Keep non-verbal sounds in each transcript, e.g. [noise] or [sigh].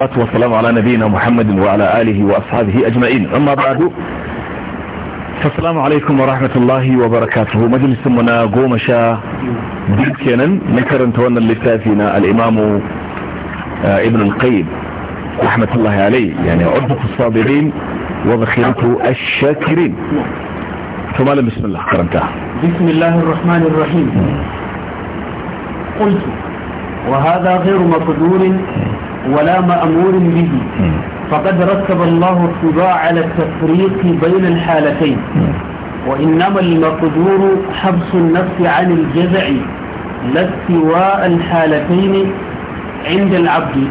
والسلام على نبينا محمد وعلى آله وأصحابه أجمعين أما بعد فالسلام عليكم ورحمة الله وبركاته مجلس منا قومشا بيكينا نكرن تونا لساتنا الإمام آه، ابن القيم رحمة الله عليه يعني عدة الصابرين وبخيرة الشاكرين ثم بسم الله قرنتها بسم الله الرحمن الرحيم قلت وهذا غير مقدور ولا مأمور به فقد رتب الله الصداع على التفريق بين الحالتين وإنما المقدور حبس النفس عن الجزع لا استواء الحالتين عند العبد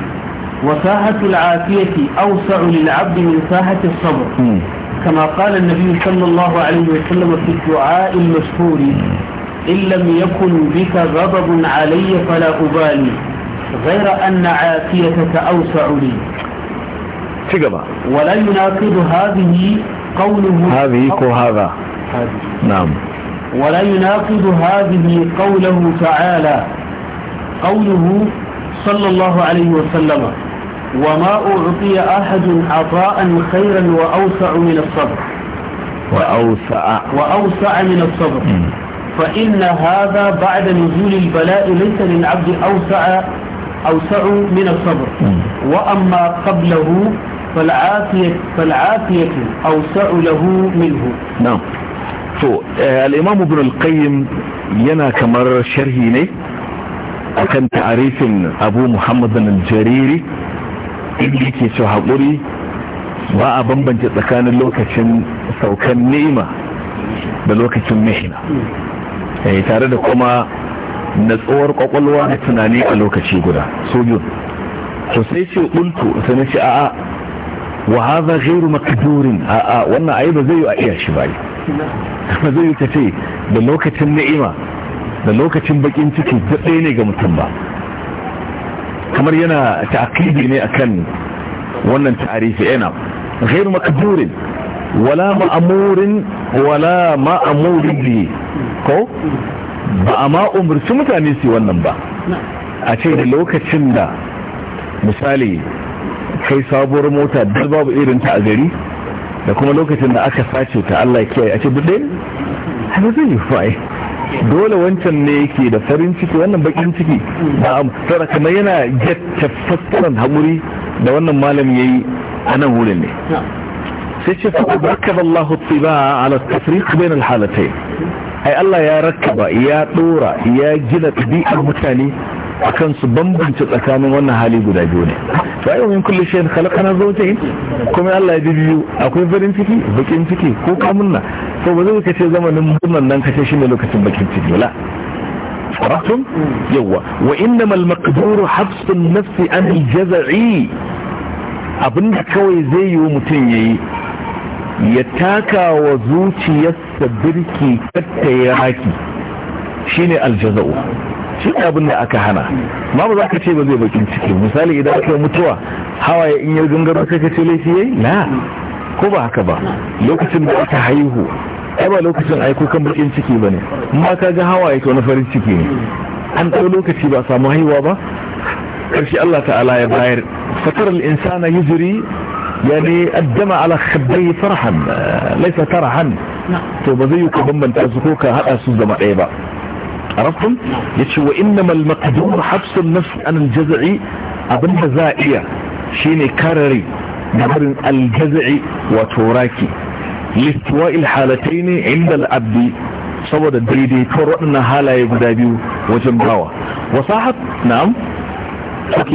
وساحة العافية أوسع للعبد من ساحة الصبر كما قال النبي صلى الله عليه وسلم في الدعاء المشهور إن لم يكن بك غضب علي فلا أبالي غير أن عافيتك أوسع لي تقبع ولا يناقض هذه قوله هذه كهذا نعم ولا يناقض هذه قوله تعالى قوله صلى الله عليه وسلم وما أعطي أحد عطاء خيرا وأوسع من الصبر وأوسع وأوسع من الصبر فإن هذا بعد نزول البلاء ليس للعبد أوسع أوسع من الصبر وأما قبله فالعافية, فالعافية أوسع له منه نعم to al'imamu bin alƙayyim yana kamar sharhi ne akan kan ta'arifin abu muhammad bin jariri inda yake ce haƙuri ba a bambance tsakanin lokacin saukan ni'ima da lokacin mihina tare da kuma na natsuwar kwakwalwa da tunani a lokaci guda so biyu to sai ce ultu sai na ce a'a wa haza ghairu makdurin a'a wannan ayi ba zai yi a iya shi ba ba zai yi ta ce da lokacin ni'ima da lokacin bakin ciki da ne ga mutum ba kamar yana ta'akidi ne kan wannan tarihi yana eh, ghairu makdurin wala ma'amurin wala ma'amurin ko ba a ma umarci mutane su wannan ba a ce da lokacin da misali kai sabuwar mota dal babu irin ta a gari da kuma lokacin da aka sace ta Allah kiyaye a ce duk haka zai yi fa'i dole wancan ne yake da farin ciki wannan bakin ciki ba a tsara kamar yana ta fassaran haƙuri da wannan malam ya yi a nan wurin ne sai ce faɗa barkar Allah ba ala tafriq bayan halatai ai Allah ya rakaba ya dora ya gina ɗabi'a mutane akan su bambance tsakanin wannan hali guda biyu ne to ayo min kulli shay'in khalaqana zawjayn kuma Allah ya bibiyu akwai farin ciki bakin ciki ko kamunna to ba zai kace zamanin murnan nan kace ne lokacin bakin ciki wala farahtum yawa wa innamal maqduru habsu an-nafs an al-jaz'i abinda kawai zai yi mutum yayi ya taka wa zuciyarsa birki katta ya Shi ne aljaza'u shi abin da aka hana ma ba za ka ce ba zai bakin ciki misali idan aka mutuwa hawaye in yi gangaro sai ka ce laifi yayi na ko ba haka ba lokacin da aka haihu ai ba lokacin aiko kan bakin ciki ba ne ma ka ga hawaye to na farin ciki ne an ɗau lokaci ba samu haihuwa ba ƙarshe Allah ta'ala ya bayar fatar al'insana yuzuri يعني الدم على خدي فرحا ليس ترحا فبذيك نعم. بما تأزكوك هذا سوزم عيبا عرفتم يتشو وإنما المقدور حبس النفس عن الجزع أبن بزائية شيني كارري نبر الجزع وتوراكي لاستواء الحالتين عند الابد صود الدريدي كورونا هالا guda biyu wajen bawa نعم na'am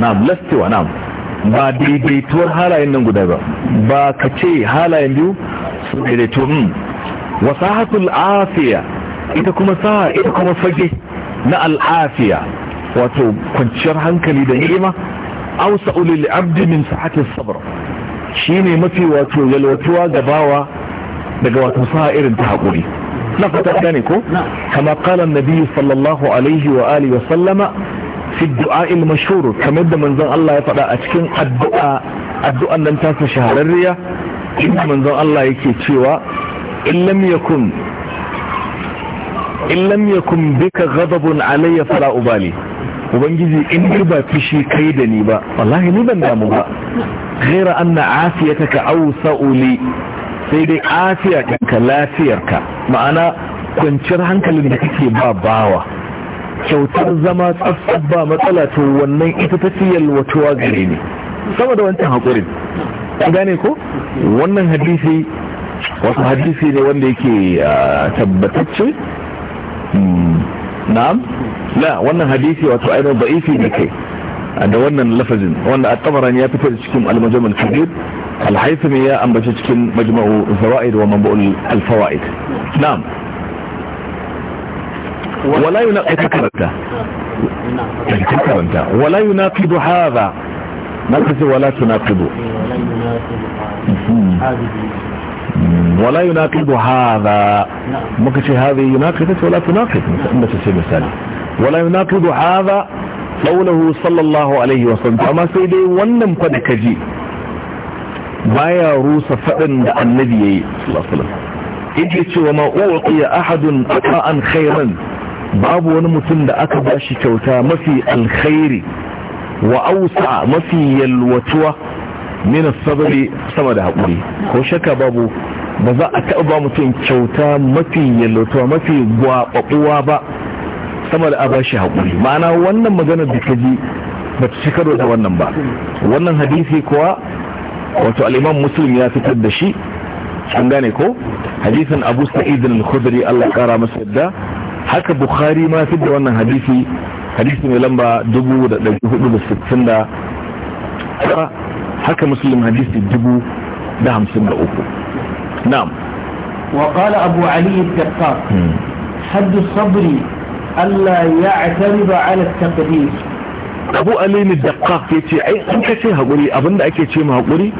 نعم lastiwa na'am نعم ba daidaituwar halayen nan guda ba ba ka ce halayen biyu su daidaito hmm. wasahatul afiya ita kuma sa ita kuma fage na al'afiya wato kwanciyar hankali da ni'ima ausa ulil abdi min sa'atis sabr shine mafi wato yalwatuwa ga bawa daga wato sa irin ta hakuri na fata gane ko kama qala nabi sallallahu alaihi wa alihi wa sallama fi du'a'il mashhur kamar da manzon Allah ya faɗa a cikin addu'a addu'an nan ta shahararriya inda manzon Allah yake cewa in lam yakun in lam yakun bika ghadabun alayya fala ubali ubangiji in ba fishi kai da ni ba wallahi ni ban damu ba ghaira anna afiyataka awsa'u li sai dai lafiyar ka lafiyarka ma'ana kwanciyar hankalin da kake ba bawa kyautar zama tsaffar ba matsala to wannan ita ta fi yalwatuwa gare ne sama da wancan haƙurin an gane ko wannan hadisi wasu hadisi ne wanda yake tabbatacce hmm, na'am la wannan hadisi wato ainihin ba'ifi ne kai da wannan lafazin wanda a tabaran ya fitar cikin almajamal kabir alhaifin ya ambaci cikin majma'u zawa'id wa mabu'ul alfawa'id na'am ولا يناقض كلامه ولا يناقض هذا نقض ولا تناقض ولا يناقض هذا ممكن شيء هذه يناقضت ولا تناقض مثل مثال ولا يناقض هذا قوله صلى الله عليه وسلم فما سيدي ونم قد كجي بايا روس فأن دع النبي صلى الله عليه وسلم اجيت وما أعطي أحد أطاء خيرا babu wani mutum da aka ba shi kyauta mafi alkhairi wa ausa mafi yalwatuwa min sabari sama da haƙuri ko shaka babu ba za a taɓa ba mutum kyauta mafi yalwatuwa mafi gwaɓaɓuwa ba sama da a ba shi haƙuri ma'ana wannan maganar da ka ji ba ta ci karo da wannan ba wannan hadisi kuwa wato al'imam Musulmi ya fitar da shi an gane ko hadisin abu sa'idin al-khudri Allah ƙara masu yadda haka bukhari ma fi da wannan hadisi hadisi mai lamba 4,460 haka muslim hadisi 53 na'am وقال أبو علي الدقاق حد الصبر ألا يعترض على التقدير abu alini daƙaƙ ya ce ai an ka ce haƙuri abinda ake ce mu hakuri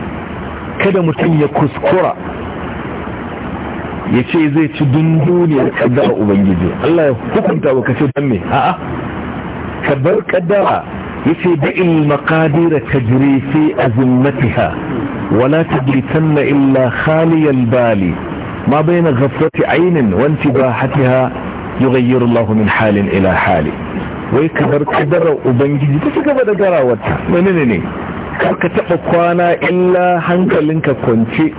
kada mutum ya kuskura ya ce zai ci dunduniyar kaddara ubangiji Allah ya hukunta wa kace dan me a'a kabar bar kaddara ya ce da'il maqadira tajri fi azimmatiha wala tablitanna illa khaliyal bali ما بين غفلة عين وانتباهتها يغير الله من حال إلى حال ويكبر كدر وبنجي تكبر دراوتها منيني karka taɓa kwana illa hankalinka kwance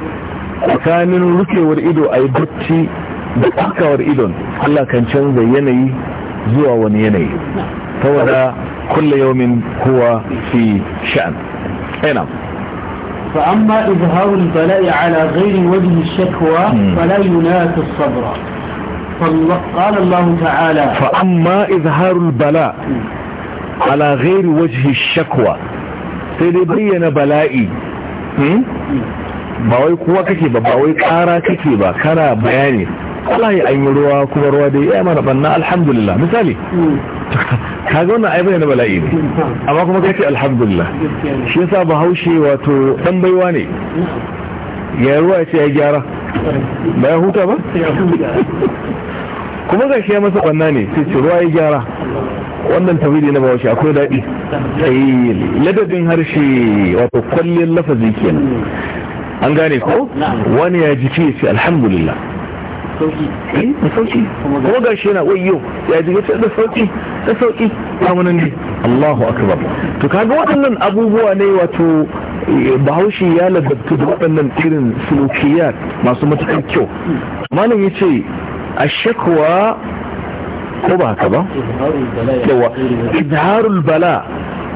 tsakanin rukewar ido a yi bacci da tsakawar idon Allah kan canza yanayi zuwa wani yanayi ta wada kulle yaumin kowa fi sha'an ina فأما إظهار البلاء على غير وجه الشكوى فلا ينافي الصبر قال الله تعالى فأما إظهار البلاء على غير وجه الشكوى فلبين بلائي ba wai kuwa kake ba ba wai kara kake ba kana bayani wallahi an yi ruwa kuma ruwa da ya mana banna alhamdulillah misali [laughs] kaga wannan aibai na bala'i ne amma kuma kace alhamdulillah shi yasa haushe wato dan baiwa ne ya ruwa ya ce ya gyara ba ya huta ba kuma ga shi ya masa banna ne sai ce ruwa ya gyara wannan tawili na bawashi akwai daɗi ladadin harshe wato kwallon lafazi kenan an gane ko wani ya ji ce ce alhamdulillah sauki eh, kuma ga shi yana wayo ya ji ce da sauki da sauki amunan ne Allahu akbar to kaga waɗannan abubuwa ne wato eh, bahaushe ya ladabtu da waɗannan irin sulukiyar masu matuƙar kyau malam ya ce a shakwa ko ba haka ba yawa idharul bala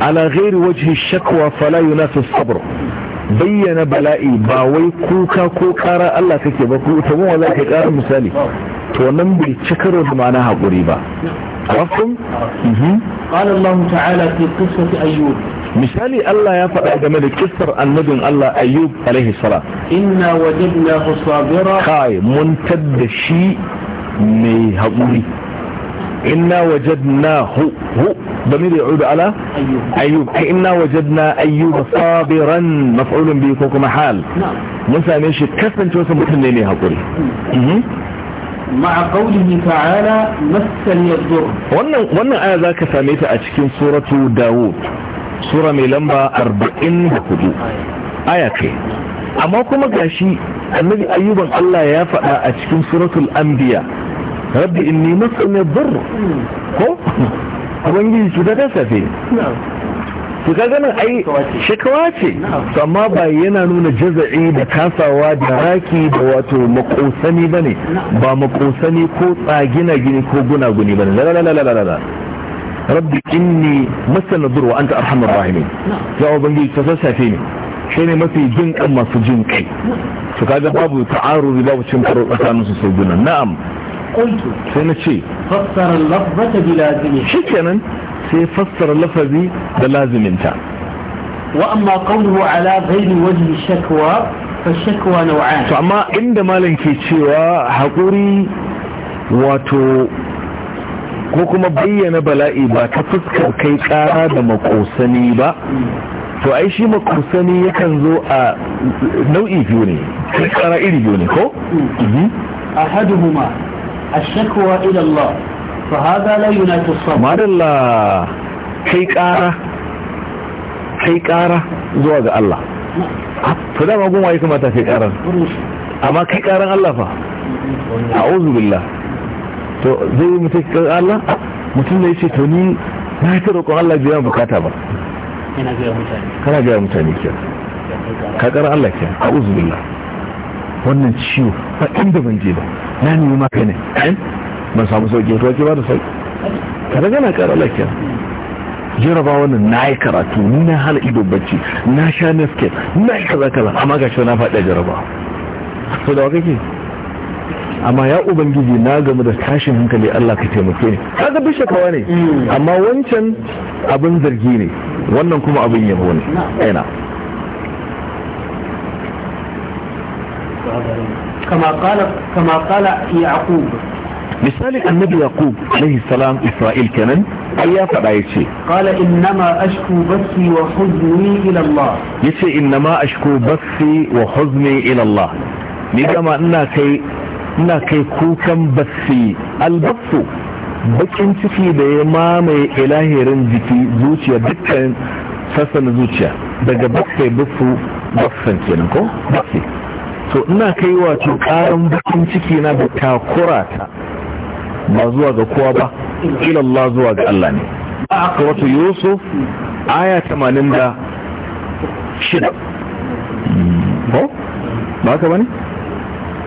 ala ghairi wajhi shakwa fala yunafi sabr bayyana bala'i ba wai kuka ko kara Allah kake ba ko ita mun wala ka kara misali to nan bai cika da ma'ana hakuri ba afkum mhm. qala Allah ta'ala fi qissati ayyub misali Allah ya faɗa game da kissar annabin Allah ayyub alaihi salam inna wajadna sabira kai mun tadda shi mai haƙuri. inna wajadnahu hu ala يعود على أيوب, أيوب. أي إنا وجدنا أيوب صابرا مفعول به كما حال نعم موسى ماشي كفن توسى متنيني هقولي مع قوله تعالى مسني الضر wannan wannan aya zaka same ta a cikin suratu Dawud sura mai lamba 44 aya kai amma kuma gashi annabi ayyuban Allah ya faɗa a cikin suratul anbiya rabbi inni masani dhurr ko ubangiji cuta ta safe to kaga nan ai shakawa ce to amma ba yana nuna jaza'i da kasawa da raki da wato makosani bane ba makosani ko tsagina gini ko gunaguni bane la la la la la rabbi inni masana dhurr wa anta arhamur rahimin ya ubangiji ta safe ne shine mafi jin kan masu jin kai to kaga babu ta'aruri babu cin karo tsakanin su sai na'am qultu sai na ce fassara al-lafza bi sai fassara lafazi da laziminta wa amma qawluhu ala ghairi wajhi shakwa fa shakwa naw'an to amma inda malam ke cewa haƙuri wato ko kuma bayyana bala'i ba ta fuskar kai kara da makosani ba to ai shi makosani yakan zo a nau'i biyu ne kara iri biyu ne ko? ma. الشكوى إلى الله فهذا لا ينافي الصبر مار الله kai ƙara kai ƙara zuwa ga Allah to da magun waye kamata kai ƙaran amma kai ƙaran Allah fa a'udhu to zai yi mutum kai Allah mutum da yace to na yi roƙon Allah biya bukata ba kana ga mutane kana ga mutane ke ka ƙaran Allah ke wannan ciwo ba inda ban je ba na nemi maka ne eh? ban samu sauki to ake ba da sauki ka gana na kara lafiya jaraba wannan na yi karatu ni na hala ido bacci na sha nafke na yi kaza kaza amma ga na faɗa jaraba so da wa kake amma ya ubangiji na gamu da tashin hankali Allah ka taimake ni kaga bishe shakawa ne hmm. amma wancan abin zargi ne wannan kuma abin yabo ne eh, kama kala kama yaqub misalin annabi yaqub alaihi salam isra'il kenan ai faɗa ya ce qala innama ashku bathi wa huzni ila Allah yace innama ashku bathi wa huzni ila Allah ni dama ina kai kukan bathi albathu bakin ciki da ya mamaye ilahirin jiki zuciya dukkan sassan zuciya daga bathi bufu bassan kenan ko bathi to ina kai wato karin bakin ciki na da takura ta ba zuwa ga kowa ba ilallah zuwa ga Allah ne aka wato yusuf aya 86 ba ba ka bane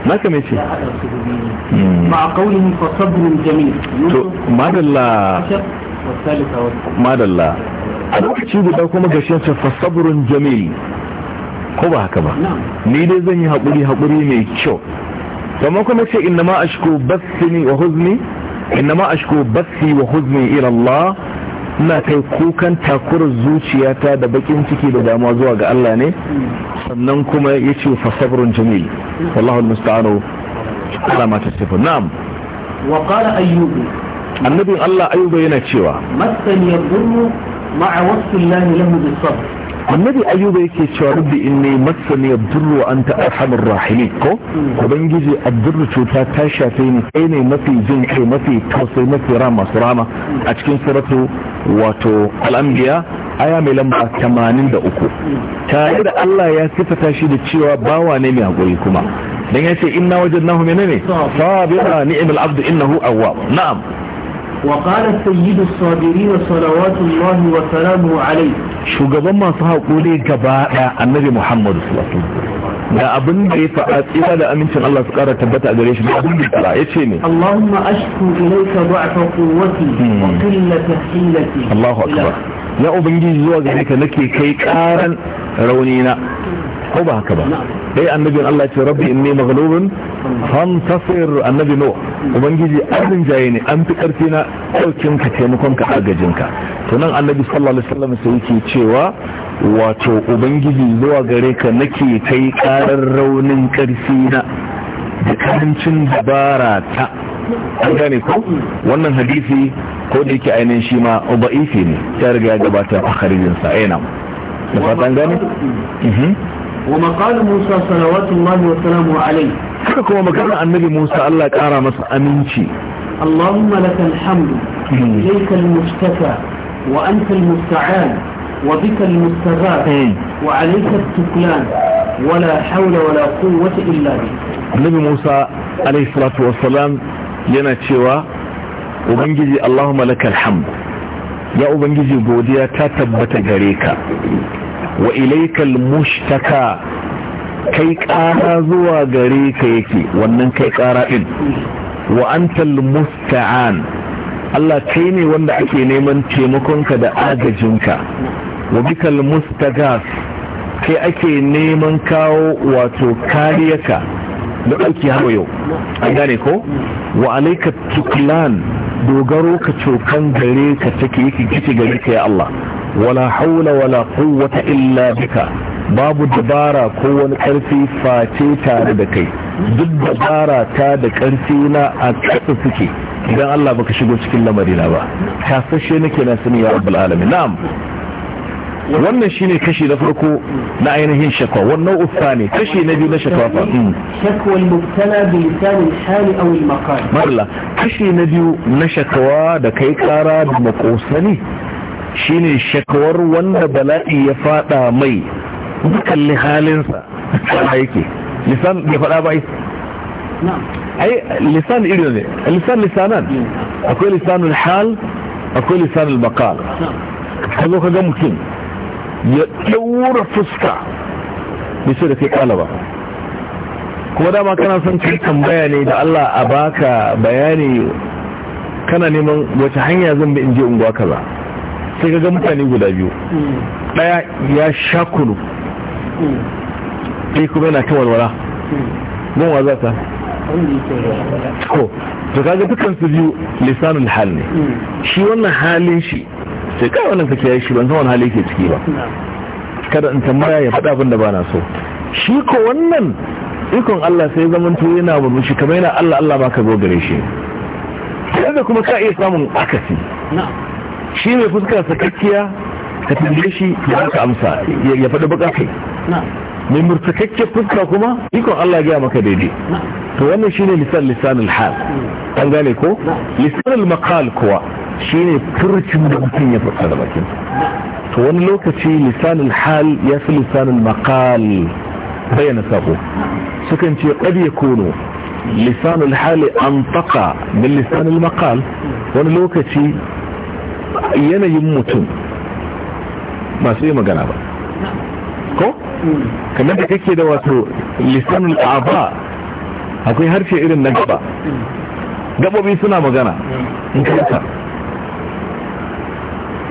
ما كم يشي مع قوله فصبر جميل to madalla madalla a lokaci guda kuma gashin sa fasabrun jamil ko ba haka ba ni dai zan yi haƙuri haƙuri mai kyau kamar kuma ce inna ma ashku basini wa huzni inna ma ashku basi wa huzni ila Allah ina kai kukan takur zuciyata da bakin ciki da damuwa zuwa ga Allah ne sannan kuma yace fa sabrun jamil wallahu almusta'anu ala ma tasifun na'am wa qala ayyub annabi Allah ayyub yana cewa masani yadurru ma'a wasfillahi lahu bis sabr annabi ayyuba yake cewa rabbi inni massani ad-durru wa anta arhamur rahimin ko ubangiji gizi durru cuta ta shafe ni kai ne mafi jin kai mafi tausayi mafi rama masu rama a cikin suratu wato al'ambiya aya mai lamba uku tare da Allah ya sifata shi da cewa bawa ne mai hakuri kuma dan yace inna wajadnahu menene sabira ni'mal abdu innahu awwab na'am وقال السيد الصابرين صلوات الله وسلامه عليه shugaban masu haƙuri gaba ɗaya annabi muhammadu sallallahu da abin da ya faɗa tsira da amincin Allah su ƙara tabbata a gare shi da abin da ya ya ce ne Allahumma ashku ilayka ba'fa quwwati wa hmm. qillati hilati Allahu akbar ya ubangiji zuwa gare ka nake kai ƙaran raunina ko ba haka ba dai annabin Allah ya ce rabbi inni maghlubun fantasir annabi no ubangiji arzin jaye ne an fi karfi na ɗaukin ka taimakon ka agajin ka tunan annabi sallallahu alaihi wasallam sai yake cewa wato ubangiji zuwa gare ka nake kai karar raunin karfi na da karancin dabara ta an gane ko wannan hadisi ko da yake ainihin shi ma uba'ifi ne Ta riga ya gabata a kharijin sa ina eh, da fatan gane ومقال mhm. Musa صلوات الله وسلامه عليه haka kuma maganar annabi Musa Allah ya kara masa aminci Allahumma lakal hamdu mhm. ilaykal mustaka وأنت المستعان وبك المسترات وعليك التكلان ولا حول ولا قوة إلا بك النبي موسى عليه الصلاة والسلام ينتوى وبنجزي اللهم لك الحمد يا وبنجزي بوديا تتبت غريكا وإليك المشتكى كي كارا زوى غريكيكي وننكي كارا إذ وأنت المستعان Allah kai ne wanda ake neman taimakonka da agajinka wa bikal mustagas kai ake neman kawo wato kariyaka da ɗauki hawa yau an gane ko wa alaika tuklan dogaro ka cokan gare ka take yake kici gare ka ya Allah wala haula wala quwwata illa duka babu dabara ko wani karfi face tare da kai duk dabara ta da karfi na a ƙasa suke idan Allah baka shigo cikin lamarina ba kasashe nake na sani ya rabbul alamin na'am wannan shine kashi na farko na ainihin shakwa wannan ufa ne kashi na biyu na shakwa fa hmm. shakwa al-mubtala bi lisan al-hal aw al-maqal marla kashi na biyu na shakwa da kai kara da makosani shine shakwar wanda bala'i ya fada mai dukkan halin sa yake lisan ya fada bai na'am ai lisan iri ne lisan lisanan hmm. akwai lisanul hal akwai lisanul maqal ka ka ga mutum ya ɗaura fuska bisa da kai kalaba kuma dama kana son kai tambaya ne da Allah a baka bayani kana neman wace hanya zan bi in je unguwa kaza sai kaga ga mutane guda biyu daya hmm. ya sha kunu sai hmm. kuma yana ta walwala gonwa za ta ko to kaga dukkan su biyu lisanul hal ne hmm. shi wannan halin shi sai kai wannan kake yi shi ban san wannan hali yake ciki ba hmm. kada in tambaya ya faɗa abin da ba na so shi ko wannan ikon Allah sai zaman to yana murmushi kamar yana Allah Allah ba ka zo gare shi da kuma ka iya samun akasi shi mai fuska sakakkiya ka tambaye shi ya ka amsa ya faɗa baka kai mai murtakakke fuska kuma ikon Allah ya maka daidai to wannan shine lisan lisanul hal an gane ko lisanul maqal kuwa shine furcin da mutum ya furta bakin to wani lokaci lisanul hal ya fi lisanul maqal bayyana sako sukan ce qad yakunu lisanul hal antaqa min lisanul maqal wani lokaci yanayin mutum masu yi magana ba ko kamar da kake da wato lisanul aba akwai harshe irin na gaba gabobi suna magana in kanta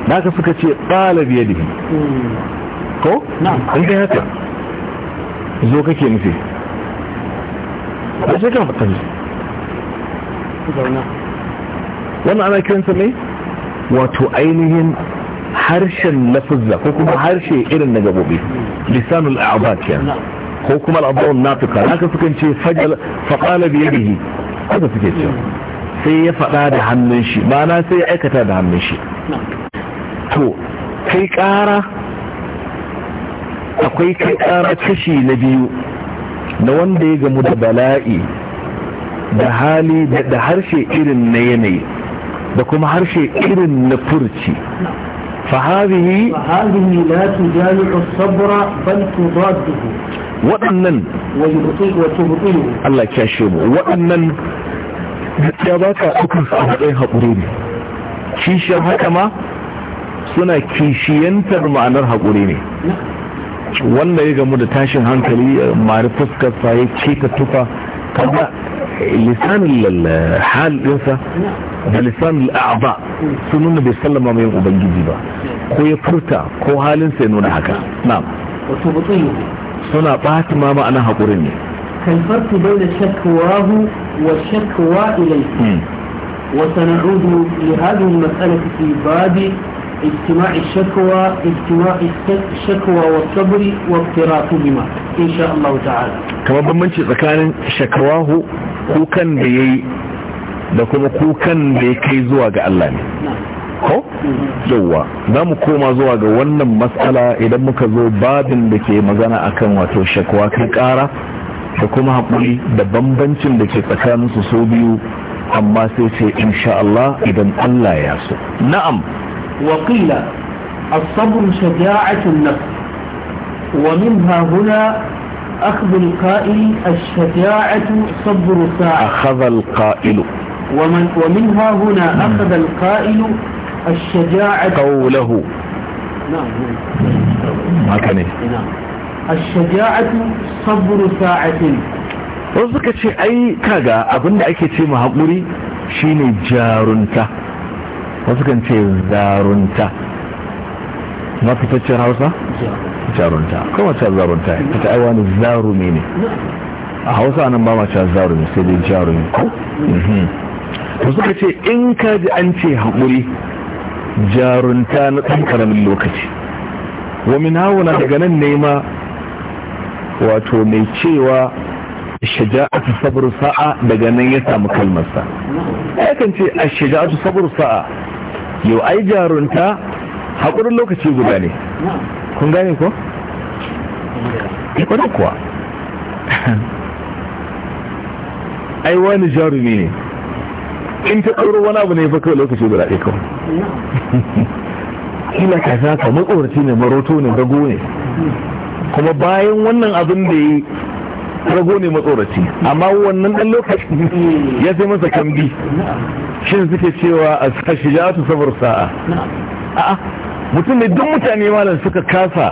naka suka ce ɗalabi ya dihi ko? in kai haka zo kake nufi a shekar matan wannan ana kiransa ne wato ainihin harshen lafizza ko kuma harshe irin na gabobi lisanul a'abat kenan ko kuma al'adun nafika haka suka ce faƙala biye bihi haka suke ce sai ya faɗa da hannun shi ba na sai ya aikata da hannun shi to kai ƙara akwai kai ƙara kashi na biyu na wanda ya gamu da bala'i da hali da harshe irin na yanayi da kuma harshe irin na furci فهذه فهذه لا تجامع الصبر بل تضاده waɗannan Allah kyashe mu waɗannan gaskiya ba ka ɗaukar a matsayin haƙuri ne kishiyar haka ma suna kishiyantar ma'anar haƙuri ne wanda ya gamu da tashin hankali mari fuskar ya ce ta tufa kama lisanin halinsa ɗinsa da lisanin a'aba sun nuna bai sallama mai ubangiji ba ko ya furta ko halinsa ya nuna haka na'am suna ɓata ma ma'ana haƙurin ne kalfarku bai da shakwahu wa shakwa ilaihi hmm. wa sana'udu li hadin al-mas'alati fi babi اجتماع الشكوى اجتماع الشكوى والصبر واقتراطهما ان شاء الله تعالى كما بمنشي tsakanin shakwahu kukan da yayi da kuma kukan da ya kai zuwa ga Allah ne ko yawwa za mu koma zuwa ga wannan matsala idan muka zo babin da ke magana akan wato shakwa kai kara da kuma haƙuri da bambancin da ke tsakanin su so biyu amma sai ce insha Allah idan Allah ya so na'am wa qila as-sabr shaja'atu an-nafs wa minha huna أخذ القائل الشجاعة صبر ساعة أخذ القائل ومن ومنها هنا أخذ القائل الشجاعة قوله wasu suka ce ai kaga abinda ake ce ma haƙuri shine jarunta wasu kan ce zarunta na fitaccen hausa? jarunta kuma ce zarunta ta ne a hausa nan ba ma ce zarumi sai dai jarumi wasu suka ce in ka ji an ce haƙuri jarunta na ɗan ƙaramin lokaci wamin hawuna daga nan nema wato mai cewa shaja'atu sabr sa'a daga nan ya samu kalmarsa kan ce a shaja'atu sabr sa'a yau ai jarunta haƙurin lokaci guda ne kun gane ko? Eh, kuwa [laughs] ai wani jarumi ne in ta ɗauro wani abu ne fa kawai lokaci guda ɗaya kawai kila ka za ka makwarci ne maroto ne rago ne kuma bayan wannan abin da yi rago ne matsoraci amma wannan ɗan lokaci ya sai masa kambi shin suke cewa a su sabar sa'a a'a mutum ne duk mutane malam suka kasa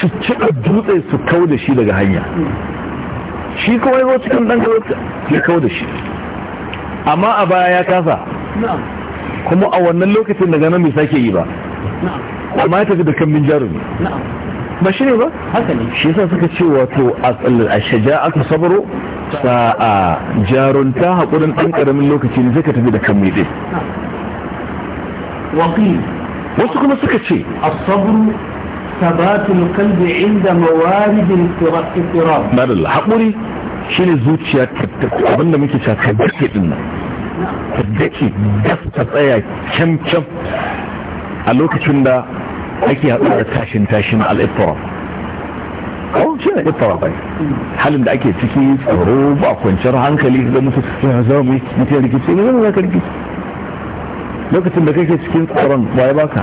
su cika dutse su kau da shi daga hanya shi kuma ya zo cikin kawai ya kau da shi amma a baya ya kasa kuma a wannan lokacin daga nan mai sake yi ba amma ya tafi da kambin jarumi ba shi ne ba haka ne shi yasa suka ce wato a shaja'atu sabro A jarunta haƙurin ɗan ƙaramin lokaci ne zai ka tafi da kan mede wasu kuma suka ce asabru sabatul kalbi inda mawaridin firar madalla haƙuri shi ne zuciya abinda muke cewa ta dake din nan ta dake ta tsaya can a lokacin da ake haɗu da tashin tashin al'ifara kawo shi na ifara bai halin da ake ciki tsaro ba kwanciyar hankali ga mutu ya zama mutu ya rikici ne zama za ka rikici lokacin da kake cikin tsoron waye baka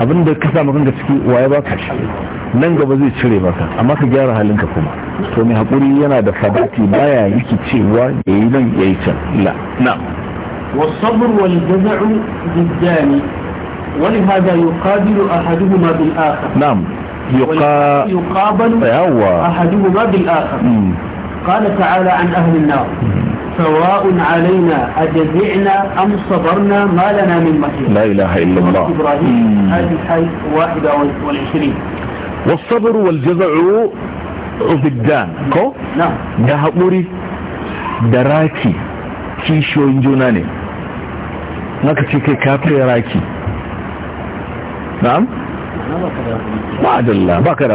abin da ka samu kanka ciki waye baka shi nan gaba zai cire baka amma ka gyara halinka kuma to mai hakuri yana da fadati baya yake cewa yayi nan yayi can la na'am والصبر والجزع ضدان ولهذا يقابل أحدهما بالآخر نعم يقا... يقابل أحدهما بالآخر مم. قال تعالى عن أهل النار سواء علينا أجزعنا أم صبرنا ما لنا من محيط لا إله إلا الله إبراهيم هذه الحي 21 والصبر والجزع عبدان كو نعم ده هقوري da raki kishiyoyin juna ne maka ce kai kafin raki na'am ma'adalla ba ka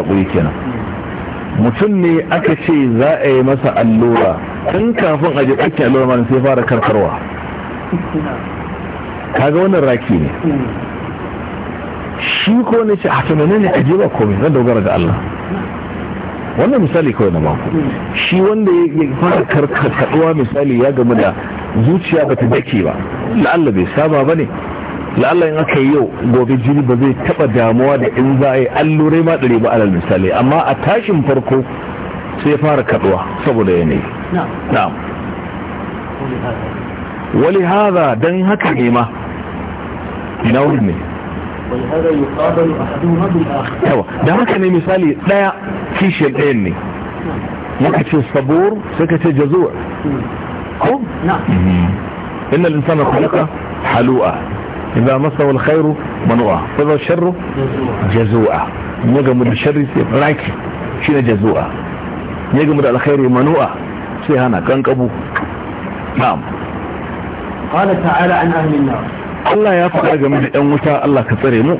mutum ne aka ce za a yi masa allura tun kafin a ji ake allura mana sai fara karkarwa Ka ga wannan raki ne shi ko ne ce ah, a tunanin ne aje ba komai zan dogara ga Allah wannan misali kawai na mako shi wanda ya fara karkarwa misali ya gamu da zuciya ba ta dake ba la'alla bai saba ba ne la'alla in aka yi yau gobe jini ba zai taba damuwa da in za a yi allurai ma ɗari ba alal misali amma a tashin farko sai ya fara kaduwa saboda yanayi na'am wali haza don haka ne ma ina wuri ne yawa da haka ne misali ɗaya kishiyar ɗayan ne muka ce sabor suka ce jazuwa ko? na inna linsana kulaka halu'a idza masahu alkhairu manu'a wa idza sharru jazua ya gamu da sharri sai raki shine jazua ya gamu da alkhairu manu'a sai hana kankabu na'am qala ta'ala an ahli an-nar Allah ya faɗa game da ɗan Allah ka tsare mu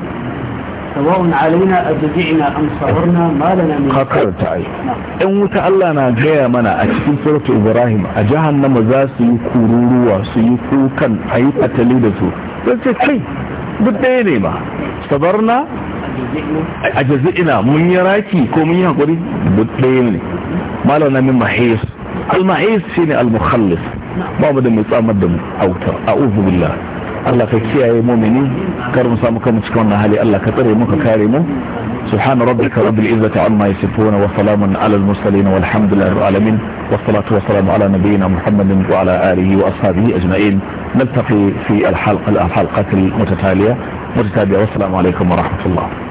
sawa'un alaina ajzi'na am sabarna ma lana min hakar Allah na gaya mana a cikin suratu Ibrahim a nama za su yi kururuwa su yi kukan ayi fatali da su zai ce kai duk ɗaya ne ba sabarna a jazi'ina mun yi raki ko mun yi haƙuri duk ɗaya ne malar na min mahis al-mahis shi ne al-mukhallis ba mu da mu tsamar da mu a uzu Allah ka kiyaye mumini kar mu samu kanmu cikin wannan hali Allah ka tsare mu ka kare mu سبحان ربك رب العزة عما يصفون وسلام على المرسلين والحمد لله رب العالمين والصلاة والسلام على نبينا محمد وعلى آله وأصحابه أجمعين نلتقي في الحلقة الحلقات المتتالية متتابعة والسلام عليكم ورحمة الله